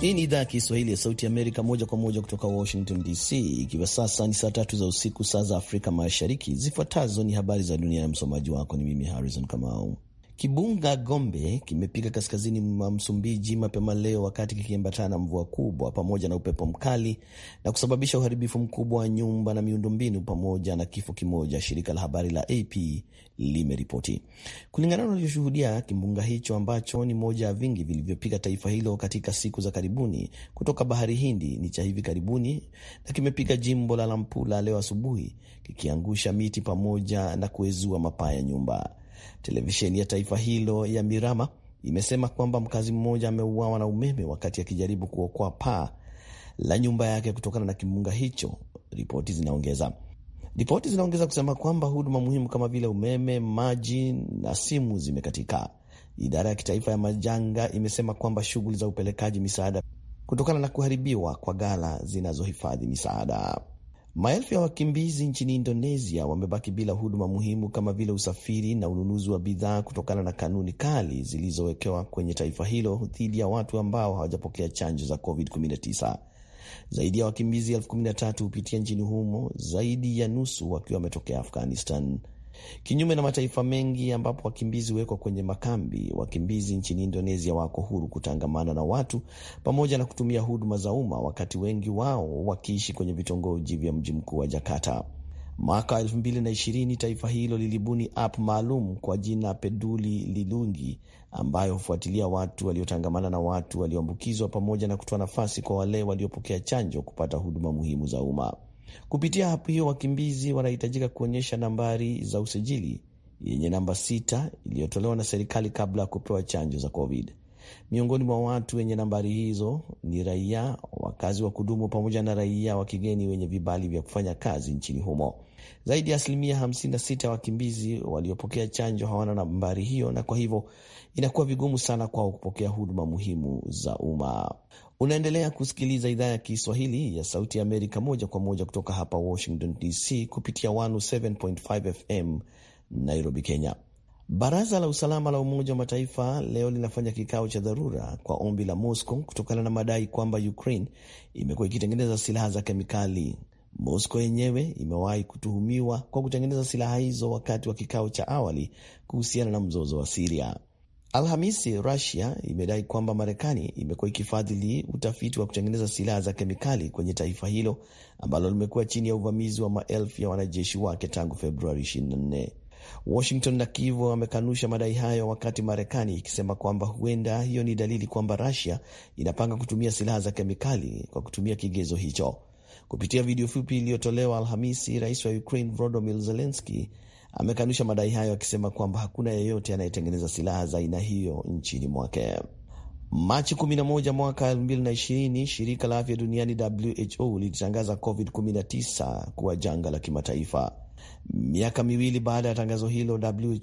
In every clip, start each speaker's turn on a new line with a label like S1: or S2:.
S1: Hii ni idhaa ya Kiswahili ya Sauti Amerika, moja kwa moja kutoka Washington DC, ikiwa sasa ni saa tatu za usiku, saa za Afrika Mashariki. Zifuatazo ni habari za dunia, ya msomaji wako ni mimi Harrison Kamau. Kibunga Gombe kimepiga kaskazini mwa Msumbiji mapema leo wakati kikiambatana na mvua kubwa pamoja na upepo mkali na kusababisha uharibifu mkubwa wa nyumba na miundombinu pamoja na kifo kimoja, shirika la habari la AP limeripoti. Kulingana na walivyoshuhudia, kimbunga hicho ambacho ni moja ya vingi vilivyopiga taifa hilo katika siku za karibuni kutoka bahari Hindi ni cha hivi karibuni na kimepiga jimbo la Lampula leo asubuhi, kikiangusha miti pamoja na kuezua mapaa ya nyumba. Televisheni ya taifa hilo ya Mirama imesema kwamba mkazi mmoja ameuawa na umeme wakati akijaribu kuokoa paa la nyumba yake kutokana na kimbunga hicho, ripoti zinaongeza ripoti zinaongeza kusema kwamba huduma muhimu kama vile umeme, maji na simu zimekatika. Idara ya kitaifa ya majanga imesema kwamba shughuli za upelekaji misaada kutokana na kuharibiwa kwa ghala zinazohifadhi misaada Maelfu ya wakimbizi nchini Indonesia wamebaki bila huduma muhimu kama vile usafiri na ununuzi wa bidhaa kutokana na kanuni kali zilizowekewa kwenye taifa hilo dhidi ya watu ambao hawajapokea chanjo za COVID-19. Zaidi ya wakimbizi elfu kumi na tatu hupitia nchini humo, zaidi ya nusu wakiwa wametokea Afghanistan kinyume na mataifa mengi ambapo wakimbizi huwekwa kwenye makambi. Wakimbizi nchini Indonesia wako huru kutangamana na watu pamoja na kutumia huduma za umma, wakati wengi wao wakiishi kwenye vitongoji vya mji mkuu wa Jakarta. Mwaka 2020 taifa hilo lilibuni app maalum kwa jina Peduli lilungi ambayo hufuatilia watu waliotangamana na watu walioambukizwa pamoja na kutoa nafasi kwa wale waliopokea chanjo kupata huduma muhimu za umma. Kupitia hapu hiyo, wakimbizi wanahitajika kuonyesha nambari za usajili yenye namba sita iliyotolewa na serikali kabla ya kupewa chanjo za COVID. Miongoni mwa watu wenye nambari hizo ni raia, wakazi wa kudumu, pamoja na raia wa kigeni wenye vibali vya kufanya kazi nchini humo. Zaidi ya asilimia 56 ya wakimbizi waliopokea chanjo hawana nambari hiyo, na kwa hivyo inakuwa vigumu sana kwao kupokea huduma muhimu za umma. Unaendelea kusikiliza idhaa ya Kiswahili ya Sauti ya Amerika moja kwa moja kutoka hapa Washington DC kupitia 107.5 FM Nairobi, Kenya. Baraza la Usalama la Umoja wa Mataifa leo linafanya kikao cha dharura kwa ombi la Moscow kutokana na madai kwamba Ukraine imekuwa ikitengeneza silaha za kemikali. Moscow yenyewe imewahi kutuhumiwa kwa kutengeneza silaha hizo wakati wa kikao cha awali kuhusiana na mzozo wa Siria. Alhamisi, Rusia imedai kwamba Marekani imekuwa ikifadhili utafiti wa kutengeneza silaha za kemikali kwenye taifa hilo ambalo limekuwa chini ya uvamizi wa maelfu ya wanajeshi wake tangu Februari 24. Washington na Kiev wamekanusha madai hayo, wakati Marekani ikisema kwamba huenda hiyo ni dalili kwamba Rusia inapanga kutumia silaha za kemikali kwa kutumia kigezo hicho. Kupitia video fupi iliyotolewa Alhamisi, rais wa Ukraine Volodymyr Zelensky amekanusha madai hayo akisema kwamba hakuna yeyote anayetengeneza silaha za aina hiyo nchini mwake. Machi 11 mwaka 2020, shirika la afya duniani WHO lilitangaza COVID-19 kuwa janga la kimataifa. Miaka miwili baada ya tangazo hilo,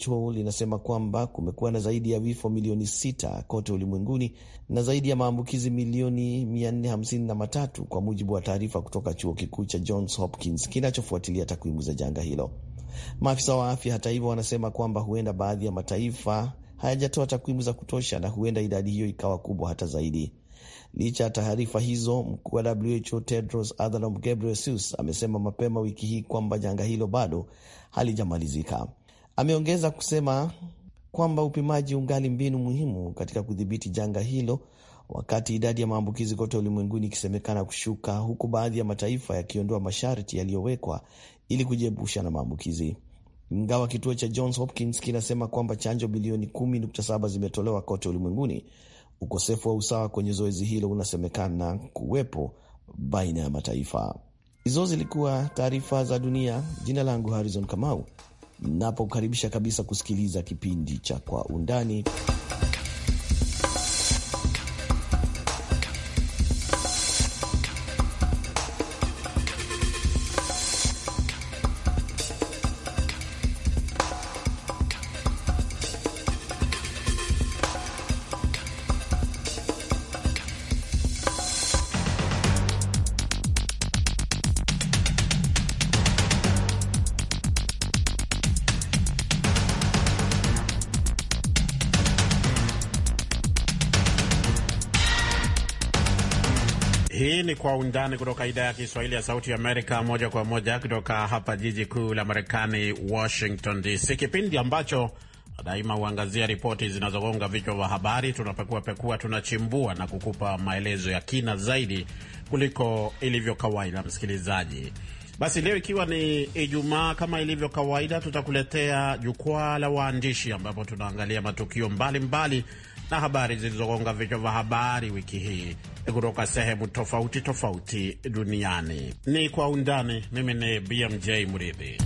S1: WHO linasema kwamba kumekuwa na zaidi ya vifo milioni 6 kote ulimwenguni na zaidi ya maambukizi milioni 453, kwa mujibu wa taarifa kutoka chuo kikuu cha Johns Hopkins kinachofuatilia takwimu za janga hilo. Maafisa wa afya hata hivyo, wanasema kwamba huenda baadhi ya mataifa hayajatoa takwimu za kutosha na huenda idadi hiyo ikawa kubwa hata zaidi. Licha ya taarifa hizo, mkuu wa WHO Tedros Adhanom Ghebreyesus amesema mapema wiki hii kwamba janga hilo bado halijamalizika. Ameongeza kusema kwamba upimaji ungali mbinu muhimu katika kudhibiti janga hilo wakati idadi ya maambukizi kote ulimwenguni ikisemekana kushuka, huku baadhi ya mataifa yakiondoa masharti yaliyowekwa ili kujiepusha na maambukizi. Ingawa kituo cha Johns Hopkins kinasema kwamba chanjo bilioni 10.7 zimetolewa kote ulimwenguni, ukosefu wa usawa kwenye zoezi hilo unasemekana kuwepo baina ya mataifa. Hizo zilikuwa taarifa za dunia. Jina langu Harrison Kamau, napokaribisha kabisa kusikiliza kipindi cha Kwa Undani.
S2: Kwa Undani kutoka idhaa ya Kiswahili ya Sauti Amerika, moja kwa moja kutoka hapa jiji kuu la Marekani, Washington DC, kipindi ambacho daima huangazia ripoti zinazogonga vichwa vya habari. Tunapekua pekua, tunachimbua na kukupa maelezo ya kina zaidi kuliko ilivyo kawaida. Msikilizaji, basi leo ikiwa ni Ijumaa, kama ilivyo kawaida, tutakuletea jukwaa la waandishi, ambapo tunaangalia matukio mbalimbali mbali na habari zilizogonga vichwa vya habari wiki hii kutoka sehemu tofauti tofauti duniani. Ni kwa undani. Mimi ni BMJ Mridhi.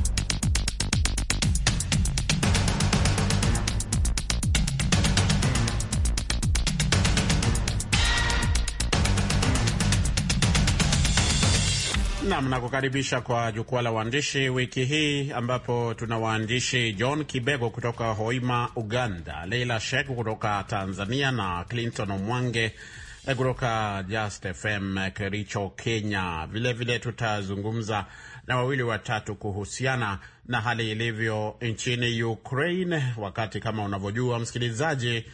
S2: Nam, nakukaribisha kwa jukwaa la waandishi wiki hii ambapo tuna waandishi John Kibego kutoka Hoima, Uganda, Leila shek kutoka Tanzania na Clinton Omwange eh, kutoka Just FM eh, Kericho, Kenya. Vilevile vile tutazungumza na wawili watatu kuhusiana na hali ilivyo nchini Ukraine, wakati kama unavyojua msikilizaji,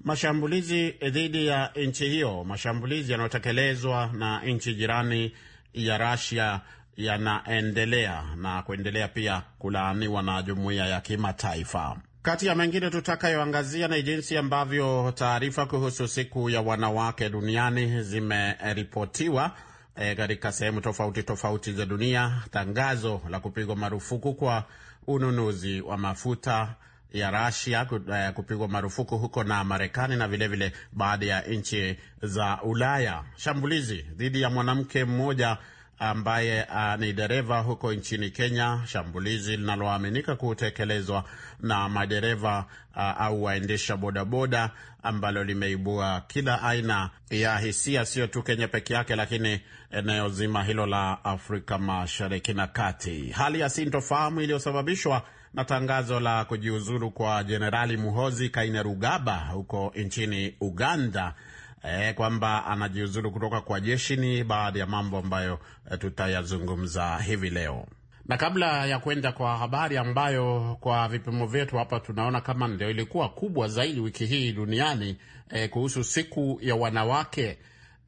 S2: mashambulizi dhidi ya nchi hiyo, mashambulizi yanayotekelezwa na nchi jirani ya Russia yanaendelea na kuendelea pia kulaaniwa na jumuiya ya kimataifa. Kati ya mengine tutakayoangazia ni jinsi ambavyo taarifa kuhusu siku ya wanawake duniani zimeripotiwa eh, katika e, sehemu tofauti tofauti za dunia, tangazo la kupigwa marufuku kwa ununuzi wa mafuta ya Russia eh, kupigwa marufuku huko na Marekani na vilevile baadhi ya nchi za Ulaya. Shambulizi dhidi ya mwanamke mmoja ambaye uh, ni dereva huko nchini Kenya, shambulizi linaloaminika kutekelezwa na madereva uh, au waendesha bodaboda, ambalo limeibua kila aina ya hisia, sio tu Kenya peke yake, lakini eneo zima hilo la Afrika Mashariki na Kati. Hali ya sintofahamu iliyosababishwa na tangazo la kujiuzuru kwa Jenerali Muhozi Kainerugaba huko nchini Uganda e, kwamba anajiuzuru kutoka kwa jeshi ni baadhi ya mambo ambayo eh, tutayazungumza hivi leo na kabla ya kwenda kwa habari ambayo kwa vipimo vyetu hapa tunaona kama ndio ilikuwa kubwa zaidi wiki hii duniani e, kuhusu siku ya wanawake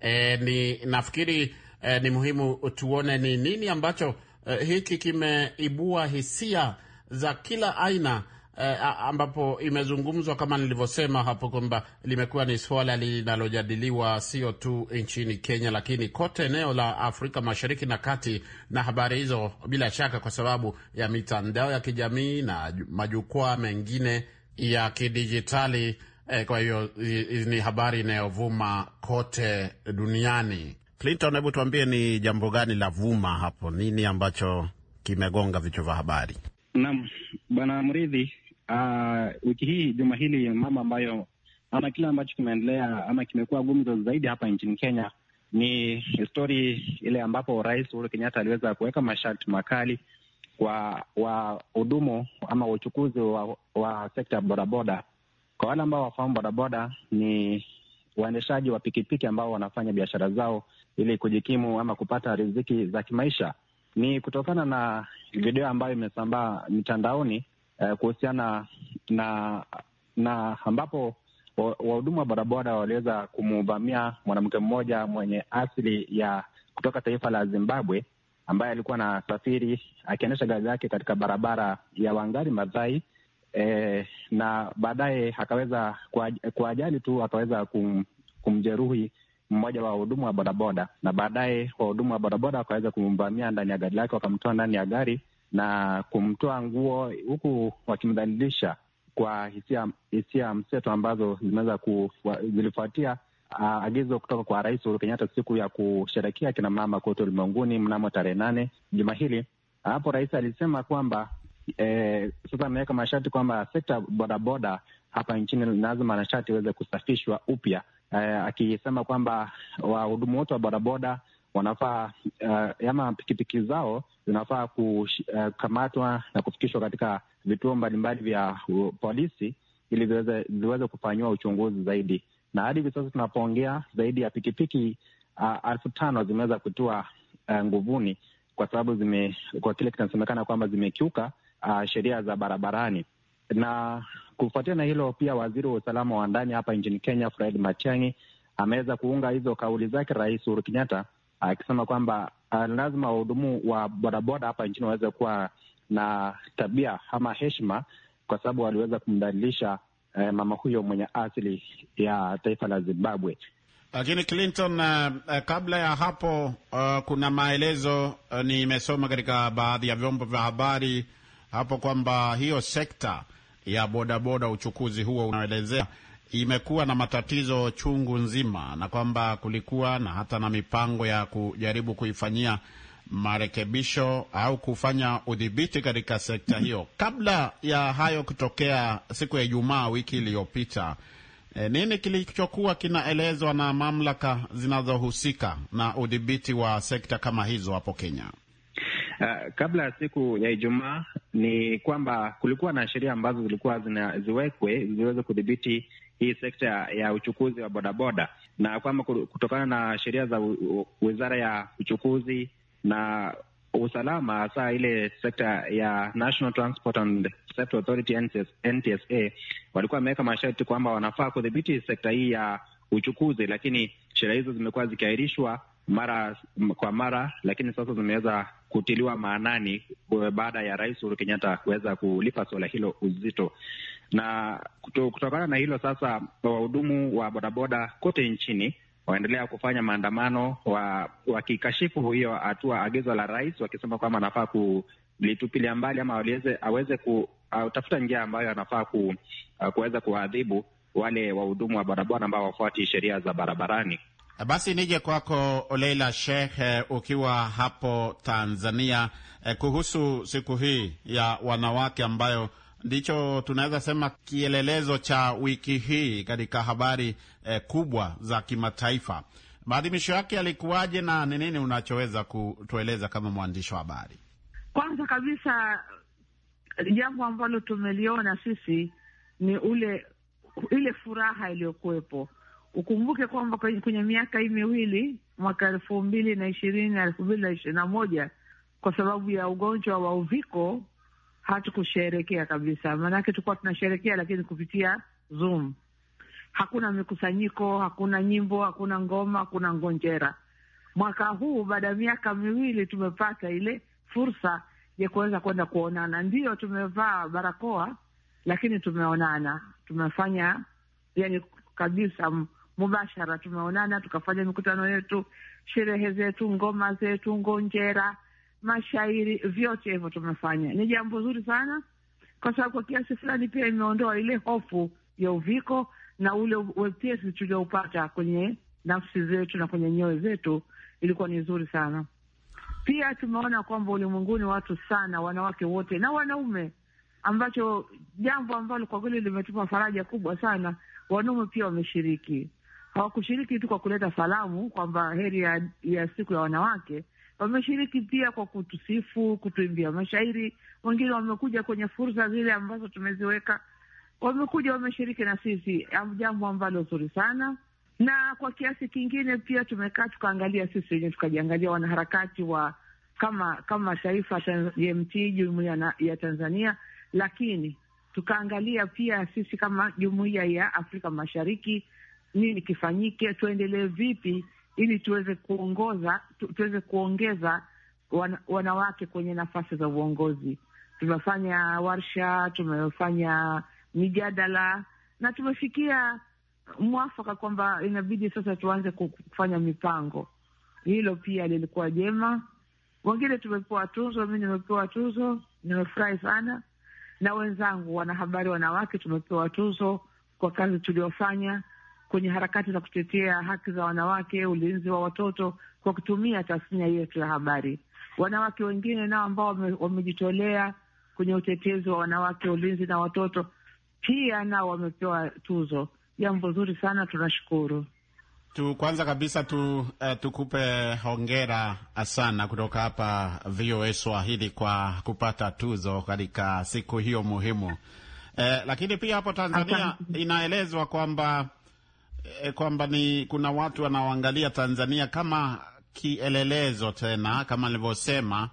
S2: e, ni nafikiri e, ni muhimu tuone ni nini ambacho e, hiki kimeibua hisia za kila aina eh, ambapo imezungumzwa kama nilivyosema hapo kwamba limekuwa ni suala linalojadiliwa sio tu nchini Kenya, lakini kote eneo la Afrika Mashariki na Kati, na habari hizo bila shaka, kwa sababu ya mitandao ya kijamii na majukwaa mengine ya kidijitali eh, kwa hiyo ni habari inayovuma kote duniani. Clinton, hebu tuambie ni jambo gani la vuma hapo, nini ambacho kimegonga vichwa vya habari?
S3: Naam, Bwana Mridhi, uh, wiki hii juma hili mambo ambayo ama kile ambacho kimeendelea ama kimekuwa gumzo zaidi hapa nchini Kenya ni stori ile ambapo Rais Uhuru Kenyatta aliweza kuweka masharti makali kwa wahudumu ama uchukuzi wa, wa sekta ya bodaboda. Kwa wale ambao wafahamu, bodaboda ni waendeshaji wa pikipiki ambao wanafanya biashara zao ili kujikimu ama kupata riziki za kimaisha ni kutokana na mm. video ambayo imesambaa mitandaoni eh, kuhusiana na na ambapo wahudumu wa barabara waliweza kumuvamia mwanamke mmoja mwenye asili ya kutoka taifa la Zimbabwe ambaye alikuwa na safiri akiendesha gari yake katika barabara ya Wangari madhai eh, na baadaye akaweza kwa, kwa ajali tu akaweza kum, kumjeruhi mmoja wa wahudumu wa bodaboda, na baadaye wahudumu wa bodaboda wakaweza kumvamia ndani ya gari lake, wakamtoa ndani ya gari na kumtoa nguo, huku wakimdhalilisha kwa hisia hisia mseto ambazo zimeweza zilifuatia Uh, agizo kutoka kwa Rais Uhuru Kenyatta siku ya kusherekea kina mama kote ulimwenguni mnamo tarehe nane juma hili. Hapo rais alisema kwamba eh, sasa ameweka masharti kwamba sekta bodaboda hapa nchini lazima na iweze kusafishwa upya eh, akisema kwamba wahudumu wote wa bodaboda wanafaa uh, ama pikipiki zao zinafaa eh, kukamatwa uh, na kufikishwa katika vituo mbalimbali vya uh, polisi ili viweze, viweze kufanyiwa uchunguzi zaidi. Na hadi hivi sasa tunapoongea zaidi ya pikipiki uh, elfu tano zimeweza kutua uh, nguvuni kwa sababu zime, kwa kile kinasemekana kwamba zimekiuka uh, sheria za barabarani na Kufuatia na hilo pia, waziri wa usalama wa ndani hapa nchini Kenya Fred Matiang'i ameweza kuunga hizo kauli zake Rais Uhuru Kenyatta akisema kwamba ah, lazima wahudumu wa bodaboda hapa nchini waweze kuwa na tabia ama heshima, kwa sababu waliweza kumdhalilisha eh, mama huyo mwenye asili ya taifa la Zimbabwe.
S2: Lakini Clinton, uh, kabla ya hapo uh, kuna maelezo uh, nimesoma katika baadhi ya vyombo vya habari hapo kwamba hiyo sekta ya bodaboda, uchukuzi huo unaelezea imekuwa na matatizo chungu nzima, na kwamba kulikuwa na hata na mipango ya kujaribu kuifanyia marekebisho au kufanya udhibiti katika sekta hiyo. Kabla ya hayo kutokea siku ya Ijumaa wiki iliyopita, e, nini kilichokuwa kinaelezwa na mamlaka zinazohusika na udhibiti wa sekta kama hizo hapo Kenya?
S3: Uh, kabla ya siku ya Ijumaa ni kwamba kulikuwa na sheria ambazo zilikuwa ziwekwe ziweze kudhibiti hii sekta ya uchukuzi wa bodaboda, na kwamba kutokana na sheria za wizara ya uchukuzi na usalama, hasa ile sekta ya National Transport and Safety Authority NTSA, walikuwa wameweka masharti kwamba wanafaa kudhibiti sekta hii ya uchukuzi, lakini sheria hizo zimekuwa zikiahirishwa mara kwa mara, lakini sasa zimeweza kutiliwa maanani eh, baada ya Rais Uhuru Kenyatta kuweza kulipa suala hilo uzito. Na kutokana na hilo sasa, wahudumu wa bodaboda kote nchini waendelea kufanya maandamano wakikashifu wa hiyo hatua, agizo la rais, wakisema kwamba anafaa kulitupilia mbali ama waliweze, aweze kutafuta njia ambayo anafaa ku, kuweza kuwaadhibu wale wahudumu wa bodaboda ambao wafuati sheria za barabarani.
S2: Eh, basi nije kwako Leila Sheikh, eh, ukiwa hapo Tanzania, eh, kuhusu siku hii ya wanawake ambayo ndicho tunaweza sema kielelezo cha wiki hii katika habari eh, kubwa za kimataifa. Maadhimisho yake yalikuwaje na ni nini unachoweza kutueleza kama mwandishi wa habari?
S4: Kwanza kabisa, jambo ambalo tumeliona sisi ni ule ile furaha iliyokuwepo Ukumbuke kwamba kwenye miaka hii miwili, mwaka elfu mbili na ishirini na elfu mbili na ishirini na moja kwa sababu ya ugonjwa wa uviko hatukusherekea kabisa, maanake tulikuwa tunasherekea lakini kupitia Zoom. Hakuna mikusanyiko, hakuna nyimbo, hakuna ngoma, hakuna ngonjera. Mwaka huu baada ya miaka miwili tumepata ile fursa ya kuweza kwenda kuonana. Ndiyo tumevaa barakoa, lakini tumeonana, tumefanya yani kabisa mubashara, tumeonana tukafanya mikutano yetu, sherehe zetu, ngoma zetu, ngonjera, mashairi, vyote hivyo tumefanya. Ni jambo zuri sana, kwa sababu kwa kiasi fulani pia imeondoa ile hofu ya uviko na ule wepesi tulioupata kwenye nafsi zetu na kwenye nyoyo zetu, ilikuwa ni nzuri sana. Pia tumeona kwamba ulimwenguni watu sana, wanawake wote na wanaume, ambacho jambo ambalo kwa kweli limetupa faraja kubwa sana. Wanaume pia wameshiriki, hawakushiriki tu kwa kuleta salamu kwamba heri ya, ya siku ya wanawake. Wameshiriki pia kwa kutusifu, kutuimbia mashairi. Wengine wamekuja kwenye fursa zile ambazo tumeziweka, wamekuja wameshiriki na sisi, jambo ambalo zuri sana na kwa kiasi kingine pia tumekaa tukaangalia sisi wenyewe, tukajiangalia wanaharakati wa kama kama taifa JMT, jumuiya ya Tanzania, lakini tukaangalia pia sisi kama jumuiya ya Afrika Mashariki nini kifanyike, tuendelee vipi ili tuweze kuongoza tu, tuweze kuongeza wan, wanawake kwenye nafasi za uongozi. Tumefanya warsha, tumefanya mijadala na tumefikia mwafaka kwamba inabidi sasa tuanze kufanya mipango. Hilo pia lilikuwa jema. Wengine tumepewa tuzo, mi nimepewa tuzo, nimefurahi sana, na wenzangu wanahabari wanawake tumepewa tuzo kwa kazi tuliofanya kwenye harakati za kutetea haki za wanawake, ulinzi wa watoto, kwa kutumia tasnia yetu ya habari. Wanawake wengine nao ambao wamejitolea kwenye utetezi wa wanawake, ulinzi na watoto, pia nao wamepewa tuzo. Jambo zuri sana, tunashukuru.
S2: Tu, kwanza kabisa tu, uh, tukupe hongera sana kutoka hapa VOA Swahili kwa kupata tuzo katika siku hiyo muhimu. Eh, lakini pia hapo Tanzania inaelezwa kwamba e, kwamba ni kuna watu wanaoangalia Tanzania kama kielelezo tena kama nilivyosema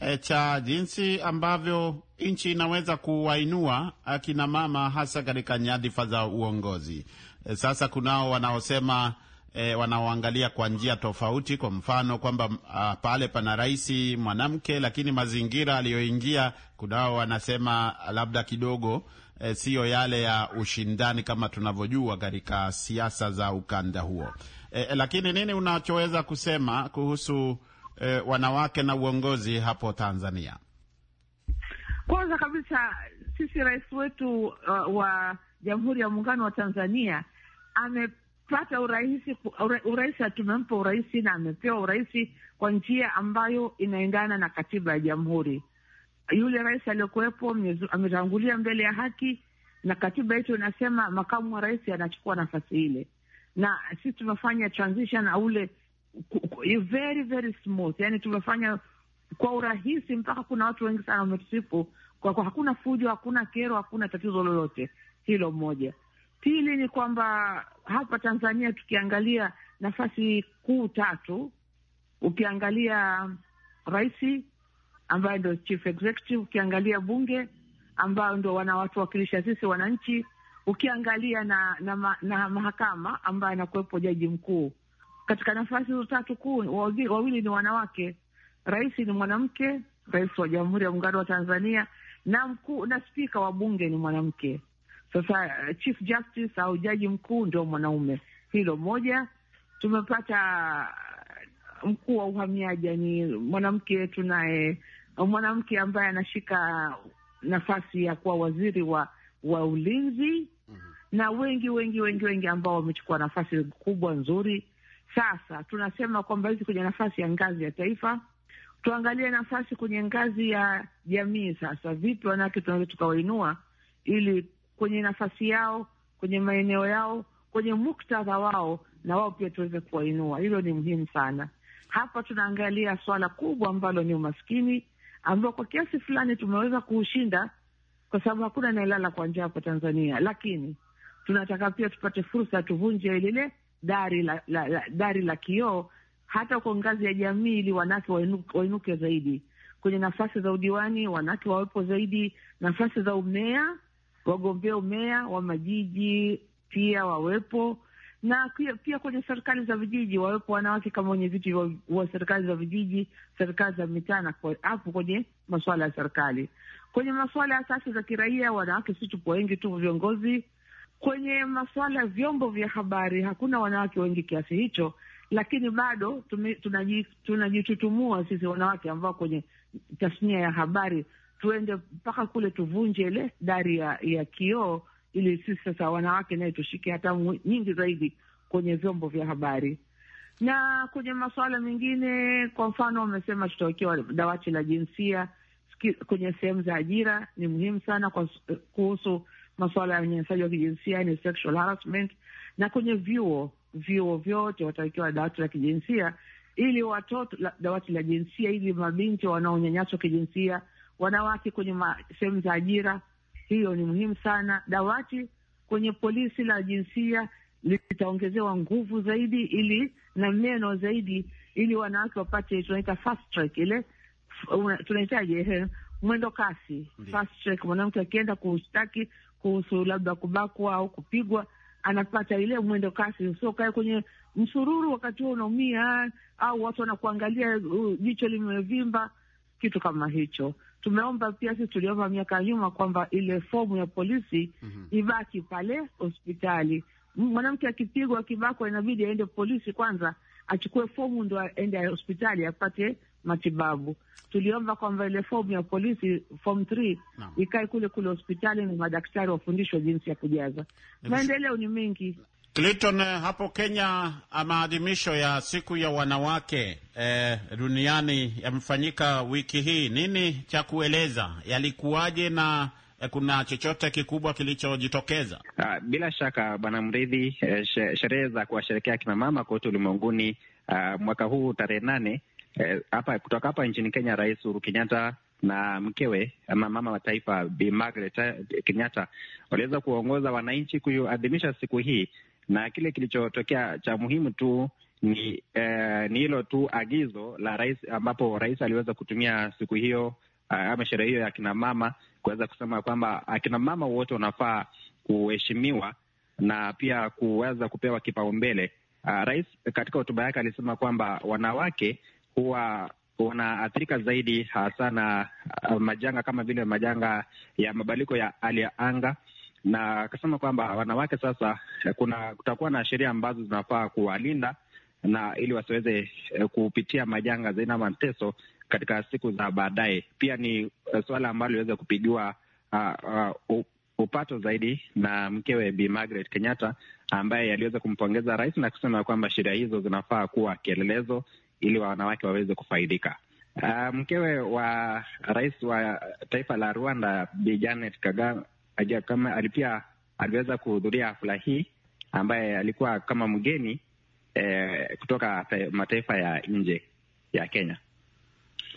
S2: e, eh, cha jinsi ambavyo nchi inaweza kuwainua akina mama hasa katika nyadhifa za uongozi. E, sasa kunao wanaosema E, wanaoangalia kwa njia tofauti, kwa mfano kwamba ah, pale pana rais mwanamke, lakini mazingira aliyoingia, kunao wanasema labda kidogo e, siyo yale ya ushindani kama tunavyojua katika siasa za ukanda huo. E, lakini nini unachoweza kusema kuhusu e, wanawake na uongozi hapo Tanzania?
S4: Kwanza kabisa sisi rais wetu uh, wa Jamhuri ya Muungano wa Tanzania amepata urahisi, urahisi tumempa urahisi na amepewa urahisi kwa njia ambayo inaendana na katiba ya jamhuri yule rais aliyokuwepo ametangulia mbele ya haki, na katiba yetu inasema makamu wa rais anachukua nafasi ile, na sisi tumefanya transition ule very very smooth, yani tumefanya kwa urahisi, mpaka kuna watu wengi sana wametusifu kwa kwa, hakuna fujo, hakuna kero, hakuna tatizo lolote. Hilo moja. Pili ni kwamba hapa Tanzania tukiangalia nafasi kuu tatu, ukiangalia raisi ambaye ndio chief executive. Ukiangalia bunge ambao ndio wanawatuwakilisha sisi wananchi, ukiangalia na, na, na, na mahakama ambayo anakuwepo jaji mkuu. Katika nafasi hizo tatu kuu, wawili ni wanawake. Rais ni mwanamke, rais wa Jamhuri ya Muungano wa Tanzania, na mkuu na spika wa bunge ni mwanamke. Sasa eh, chief justice au jaji mkuu ndio mwanaume. Hilo moja. Tumepata mkuu wa uhamiaji, ni mwanamke wetu naye, mwanamke ambaye anashika nafasi ya kuwa waziri wa wa ulinzi mm -hmm. na wengi wengi wengi wengi ambao wamechukua nafasi kubwa nzuri. Sasa tunasema kwamba hizi kwenye nafasi ya ngazi ya taifa, tuangalie nafasi kwenye ngazi ya jamii. Sasa vipi wanawake tunaweza tukawainua ili kwenye nafasi yao, kwenye maeneo yao, kwenye muktadha wao, na wao pia tuweze kuwainua. Hilo ni muhimu sana. Hapa tunaangalia swala kubwa ambalo ni umaskini ambao kwa kiasi fulani tumeweza kuushinda kwa sababu hakuna anayelala kwa njaa hapa Tanzania, lakini tunataka pia tupate fursa tuvunje lile dari la, la, la, dari la kioo hata kwa ngazi ya jamii, ili wanawake wainuke zaidi kwenye nafasi za udiwani, wanawake wawepo zaidi nafasi za umea, wagombea umea wa majiji pia wawepo na pia, pia kwenye serikali za vijiji wawepo wanawake kama wenye wa, wa serikali za vijiji, serikali za mitaa na hapo kwenye masuala ya serikali. Kwenye masuala ya asasi za kiraia wanawake si tupo wengi tu viongozi. Kwenye masuala ya vyombo vya habari hakuna wanawake wengi kiasi hicho, lakini bado tunajitutumua sisi wanawake ambao kwenye tasnia ya habari tuende mpaka kule tuvunje ile dari ya, ya kioo ili sisi sasa wanawake naye tushike hatamu nyingi zaidi kwenye vyombo vya habari na kwenye masuala mengine. Kwa mfano, wamesema tutawekewa dawati la jinsia kwenye sehemu za ajira. Ni muhimu sana kwa kuhusu masuala ya unyanyasaji wa kijinsia, ni sexual harassment, na kwenye vyuo vyuo vyote watawekewa dawati la kijinsia ili watoto la, dawati la jinsia ili mabinti wanaonyanyaswa kijinsia, wanawake kwenye sehemu za ajira hiyo ni muhimu sana. Dawati kwenye polisi la jinsia litaongezewa nguvu zaidi, ili na meno zaidi, ili wanawake wapate, tunaita fast track ile, tunahitaji eh, mwendo kasi, fast track. Mwanamke akienda kushtaki kuhusu labda kubakwa au kupigwa, anapata ile mwendo kasi, kae kwenye msururu wakati huo unaumia, au watu wanakuangalia uh, jicho limevimba, kitu kama hicho tumeomba pia sisi tuliomba miaka nyuma kwamba ile fomu ya polisi mm -hmm. ibaki pale hospitali. Mwanamke akipigwa, akibakwa, inabidi aende polisi kwanza achukue fomu ndo aende hospitali apate matibabu. Tuliomba kwamba ile fomu ya polisi form 3 ikae kule kule hospitali, na madaktari wafundishwe jinsi ya kujaza. Maendeleo ni mengi. Clinton, eh, hapo
S2: Kenya maadhimisho ya siku ya wanawake eh, duniani yamefanyika wiki hii. Nini cha kueleza, yalikuwaje na eh, kuna chochote kikubwa kilichojitokeza?
S3: Ah, bila shaka bwana Mridhi, eh, sherehe za kuwasherekea mama kote ulimwenguni ah, mwaka huu tarehe nane hapa, kutoka hapa nchini Kenya, Rais Uhuru Kenyatta na mkewe ama mama wa taifa Bi Margaret Kenyatta waliweza kuwaongoza wananchi kuadhimisha siku hii na kile kilichotokea cha muhimu tu ni eh, ni hilo tu agizo la rais, ambapo rais aliweza kutumia siku hiyo eh, ama sherehe hiyo ya mama kuweza kusema kwamba akinamama wote wanafaa kuheshimiwa na pia kuweza kupewa kipaumbele. Uh, rais katika hotuba yake alisema kwamba wanawake huwa wanaathirika zaidi hasa na uh, majanga kama vile majanga ya mabadiliko ya hali ya anga na akasema kwamba wanawake sasa, kuna kutakuwa na sheria ambazo zinafaa kuwalinda na ili wasiweze eh, kupitia majanga zaina mateso katika siku za baadaye. Pia ni eh, suala ambalo liweze kupigiwa uh, uh, upato zaidi na mkewe Bi Margaret Kenyatta ambaye aliweza kumpongeza rais na kusema kwamba sheria hizo zinafaa kuwa kielelezo ili wanawake waweze kufaidika. Uh, mkewe wa rais wa taifa la Rwanda Bi Janet Kagame kama alipia aliweza kuhudhuria hafula hii ambaye alikuwa kama mgeni eh, kutoka mataifa ya nje ya Kenya.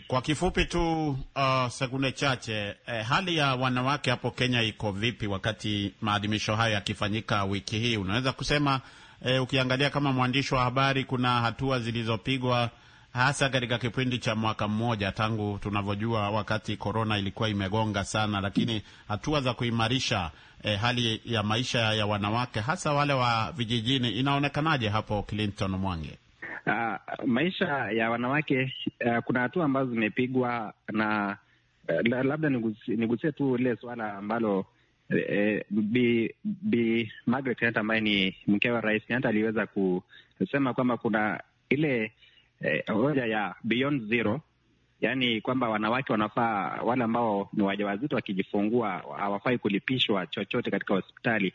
S2: Kwa kifupi tu uh, sekunde chache eh, hali ya wanawake hapo Kenya iko vipi wakati maadhimisho hayo yakifanyika wiki hii? Unaweza kusema eh, ukiangalia kama mwandishi wa habari, kuna hatua zilizopigwa hasa katika kipindi cha mwaka mmoja tangu tunavyojua, wakati korona ilikuwa imegonga sana, lakini hatua za kuimarisha eh, hali ya maisha ya wanawake hasa wale wa vijijini inaonekanaje hapo Clinton Mwange?
S3: Uh, ah, maisha ya wanawake uh, kuna hatua ambazo zimepigwa na uh, labda nigusie tu lile suala ambalo eh, Bi, Bi Margaret Kenyatta ambaye ni mke wa Rais Kenyatta aliweza kusema kwamba kuna ile Eh, hoja ya beyond zero, yaani kwamba wanawake wanafaa, wale ambao ni wajawazito wakijifungua hawafai kulipishwa chochote katika hospitali.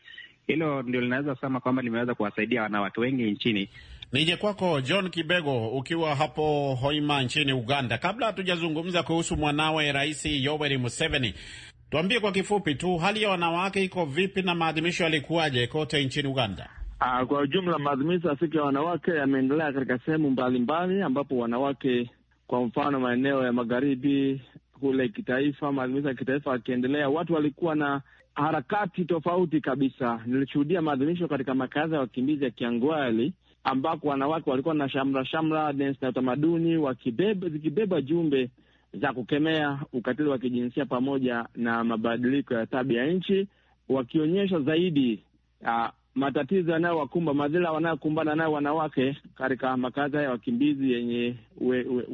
S3: Hilo ndio linaweza sema kwamba limeweza kuwasaidia wanawake wengi
S2: nchini. Nije kwako John Kibego, ukiwa hapo Hoima nchini Uganda. Kabla hatujazungumza kuhusu mwanawe Rais Yoweri Museveni, tuambie kwa kifupi tu hali ya wanawake iko vipi na maadhimisho yalikuwaje kote nchini Uganda? Aa, ah, kwa ujumla maadhimisho
S5: ya siku ya wanawake yameendelea katika sehemu mbalimbali, ambapo wanawake, kwa mfano, maeneo ya magharibi kule kitaifa, maadhimisho ya kitaifa yakiendelea, watu walikuwa na harakati tofauti kabisa. Nilishuhudia maadhimisho katika makazi ya wakimbizi ya Kiangwali ambako wanawake walikuwa na shamra shamra, densi na utamaduni, zikibeba jumbe za kukemea ukatili wa kijinsia pamoja na mabadiliko ya tabia ya nchi, wakionyesha zaidi ah, matatizo yanayowakumba madhila wanayokumbana nayo wanawake katika makazi haya ya wakimbizi yenye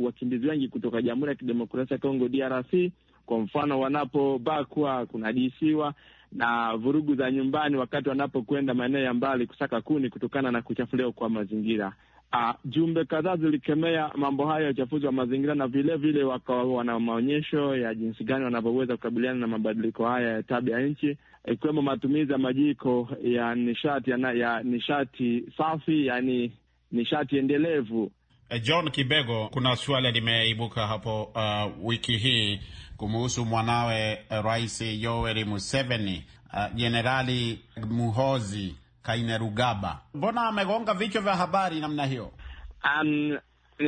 S5: wakimbizi wengi kutoka Jamhuri ya Kidemokrasia ya Kongo, DRC. Kwa mfano, wanapobakwa, kunajisiwa na vurugu za nyumbani, wakati wanapokwenda maeneo ya mbali kusaka kuni kutokana na kuchafuliwa kwa mazingira. Uh, jumbe kadhaa zilikemea mambo hayo ya uchafuzi wa mazingira na vilevile wakawa wana maonyesho ya jinsi gani wanavyoweza kukabiliana na mabadiliko haya ya tabia ya nchi ikiwemo matumizi ya majiko ya nishati ya, na, ya nishati safi yani nishati endelevu.
S2: Eh, John Kibego, kuna suala limeibuka hapo uh, wiki hii kumuhusu mwanawe eh, Rais Yoweri Museveni, uh, Jenerali uh, Muhozi Kainerugaba. Mbona amegonga vichwa vya habari namna hiyo? Um,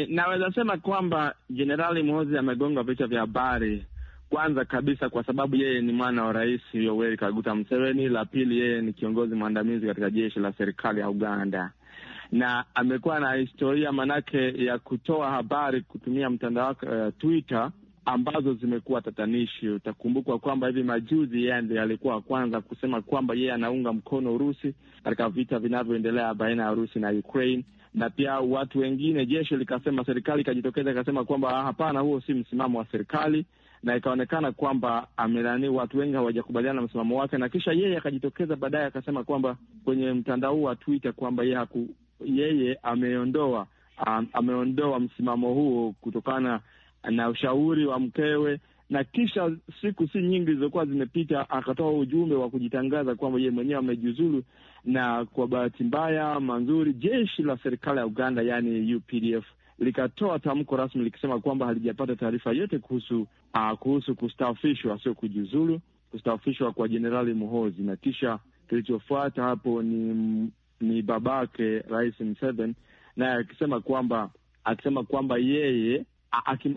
S2: naweza sema kwamba Jenerali
S5: Muhozi amegonga vichwa vya habari kwanza kabisa kwa sababu yeye ni mwana wa Rais Yoweri Kaguta Museveni. La pili, yeye ni kiongozi mwandamizi katika jeshi la serikali ya Uganda na amekuwa na historia manake ya kutoa habari kutumia mtandao wake uh, Twitter ambazo zimekuwa tatanishi. Utakumbukwa kwamba hivi majuzi yeye ndiye alikuwa kwanza kusema kwamba yeye anaunga mkono Urusi katika vita vinavyoendelea baina ya Urusi na Ukraine, na pia watu wengine, jeshi likasema, serikali ikajitokeza ikasema kwamba ah, hapana, huo si msimamo wa serikali, na ikaonekana kwamba amelani, watu wengi hawajakubaliana na msimamo wake, na kisha yeye akajitokeza baadaye akasema kwamba kwenye mtandao wa Twitter kwamba yeye haku, yeye ameondoa um, ameondoa msimamo huo kutokana na ushauri wa mkewe na kisha siku si nyingi zilizokuwa zimepita, akatoa ujumbe wa kujitangaza kwamba yeye mwenyewe amejiuzulu. Na kwa bahati mbaya manzuri, jeshi la serikali ya Uganda, yani UPDF likatoa tamko rasmi likisema kwamba halijapata taarifa yote kuhusu uh, kuhusu kustaafishwa, sio kujiuzulu, kustaafishwa kwa Jenerali Muhozi. Na kisha kilichofuata hapo ni ni babake Rais mseven naye akisema kwamba akisema kwamba yeye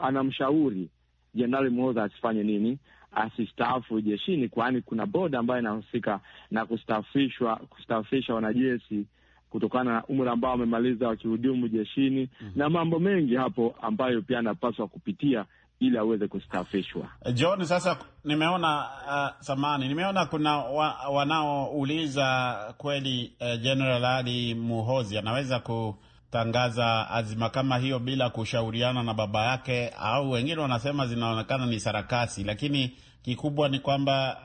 S5: anamshauri Jenerali Muhozi asifanye nini, asistaafu jeshini, kwani kuna boda ambayo inahusika na kustaafishwa kustaafisha wanajeshi kutokana na umri ambao amemaliza wakihudumu jeshini mm -hmm. na mambo mengi hapo ambayo pia anapaswa kupitia ili aweze kustaafishwa.
S2: John, sasa nimeona uh, samani nimeona kuna wa, wanaouliza kweli uh, General Ali Muhozi anaweza kutangaza azima kama hiyo bila kushauriana na baba yake, au wengine wanasema zinaonekana ni sarakasi, lakini kikubwa ni kwamba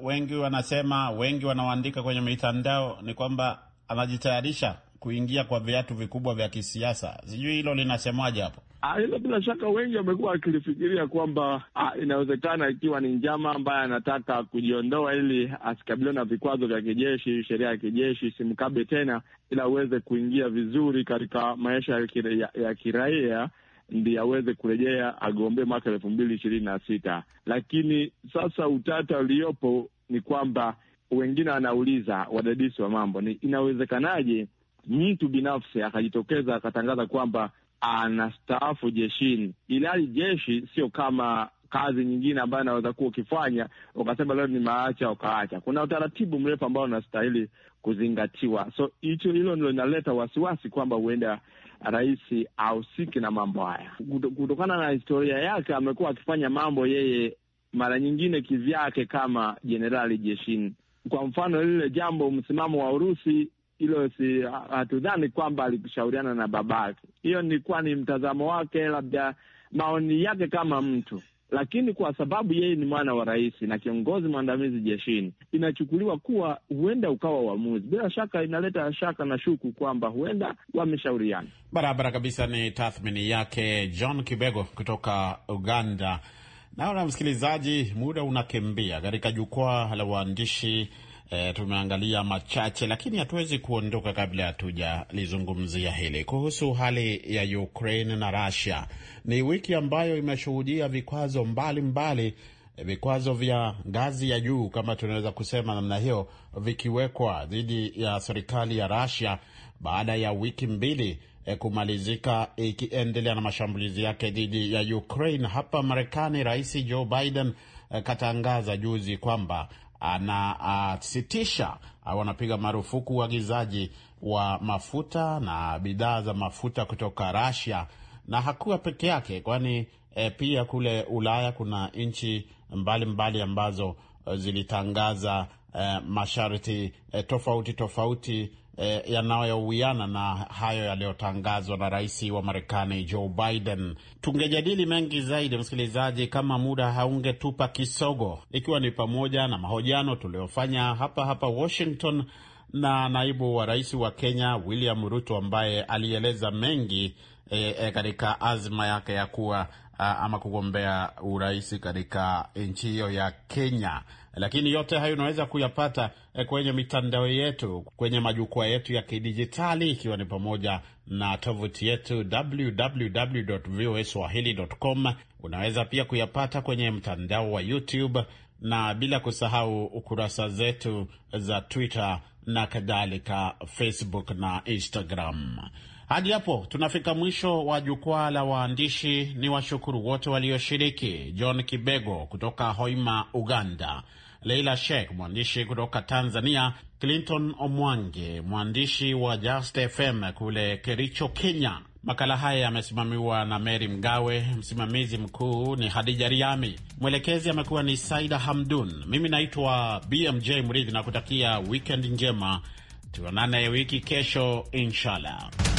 S2: uh, wengi wanasema, wengi wanaoandika kwenye mitandao ni kwamba anajitayarisha kuingia kwa viatu vikubwa vya kisiasa. Sijui hilo linasemaje hapo.
S5: Ah, hilo bila shaka wengi wamekuwa wakilifikiria kwamba ah, inawezekana ikiwa ni njama ambaye anataka kujiondoa ili asikabiliwe na vikwazo vya kijeshi, sheria ya kijeshi simkabe tena, ili aweze kuingia vizuri katika maisha ya kiraia ndi aweze kurejea agombee mwaka elfu mbili ishirini na sita. Lakini sasa utata uliopo ni kwamba wengine wanauliza wadadisi wa mambo, ni inawezekanaje mtu binafsi akajitokeza akatangaza kwamba anastaafu jeshini, ilhali jeshi sio kama kazi nyingine ambayo anaweza kuwa ukifanya ukasema leo nimeacha ukaacha. Kuna utaratibu mrefu ambao unastahili kuzingatiwa, so hicho hilo ndilo linaleta wasiwasi kwamba huenda rais ahusiki na mambo haya. Kutokana na historia yake, amekuwa akifanya mambo yeye mara nyingine kivyake kama jenerali jeshini. Kwa mfano lile jambo, msimamo wa Urusi, hilo si hatudhani kwamba alikushauriana na babake. Hiyo nilikuwa ni mtazamo wake, labda maoni yake kama mtu lakini kwa sababu yeye ni mwana wa rais na kiongozi mwandamizi jeshini, inachukuliwa kuwa huenda ukawa uamuzi. Bila shaka, inaleta shaka na shuku kwamba huenda wameshauriana.
S2: Barabara kabisa, ni tathmini yake John Kibego kutoka Uganda. Naona msikilizaji, muda unakimbia katika jukwaa la waandishi. E, tumeangalia machache lakini hatuwezi kuondoka kabla hatujalizungumzia hili kuhusu hali ya Ukraine na Russia. Ni wiki ambayo imeshuhudia vikwazo mbalimbali, eh, vikwazo vya ngazi ya juu kama tunaweza kusema namna hiyo, vikiwekwa dhidi ya serikali ya Russia baada ya wiki mbili Eh, kumalizika ikiendelea na mashambulizi yake dhidi ya Ukraine. Hapa Marekani, Rais Joe Biden eh, katangaza juzi kwamba anasitisha au anapiga marufuku uagizaji wa mafuta na bidhaa za mafuta kutoka Russia, na hakuwa peke yake, kwani e, pia kule Ulaya kuna nchi mbalimbali ambazo zilitangaza e, masharti e, tofauti tofauti eh, yanayowiana na hayo yaliyotangazwa na rais wa Marekani Joe Biden. Tungejadili mengi zaidi, msikilizaji, kama muda haungetupa kisogo, ikiwa ni pamoja na mahojiano tuliyofanya hapa hapa Washington na naibu wa rais wa Kenya William Ruto ambaye alieleza mengi e, e, katika azma yake ya kuwa ah, ama kugombea urais katika nchi hiyo ya Kenya lakini yote hayo unaweza kuyapata eh, kwenye mitandao yetu, kwenye majukwaa yetu ya kidijitali, ikiwa ni pamoja na tovuti yetu www voa com Unaweza pia kuyapata kwenye mtandao wa YouTube na bila kusahau ukurasa zetu za Twitter na kadhalika, Facebook na Instagram. Hadi hapo tunafika mwisho wa jukwaa la waandishi. Ni washukuru wote walioshiriki: John Kibego kutoka Hoima, Uganda, Leila Sheikh mwandishi kutoka Tanzania, Clinton Omwange mwandishi wa Just FM kule Kericho, Kenya. Makala haya yamesimamiwa na Meri Mgawe, msimamizi mkuu ni Hadija Riami, mwelekezi amekuwa ni Saida Hamdun. Mimi naitwa BMJ Mridhi na kutakia wikend njema, tuonane wiki kesho inshallah.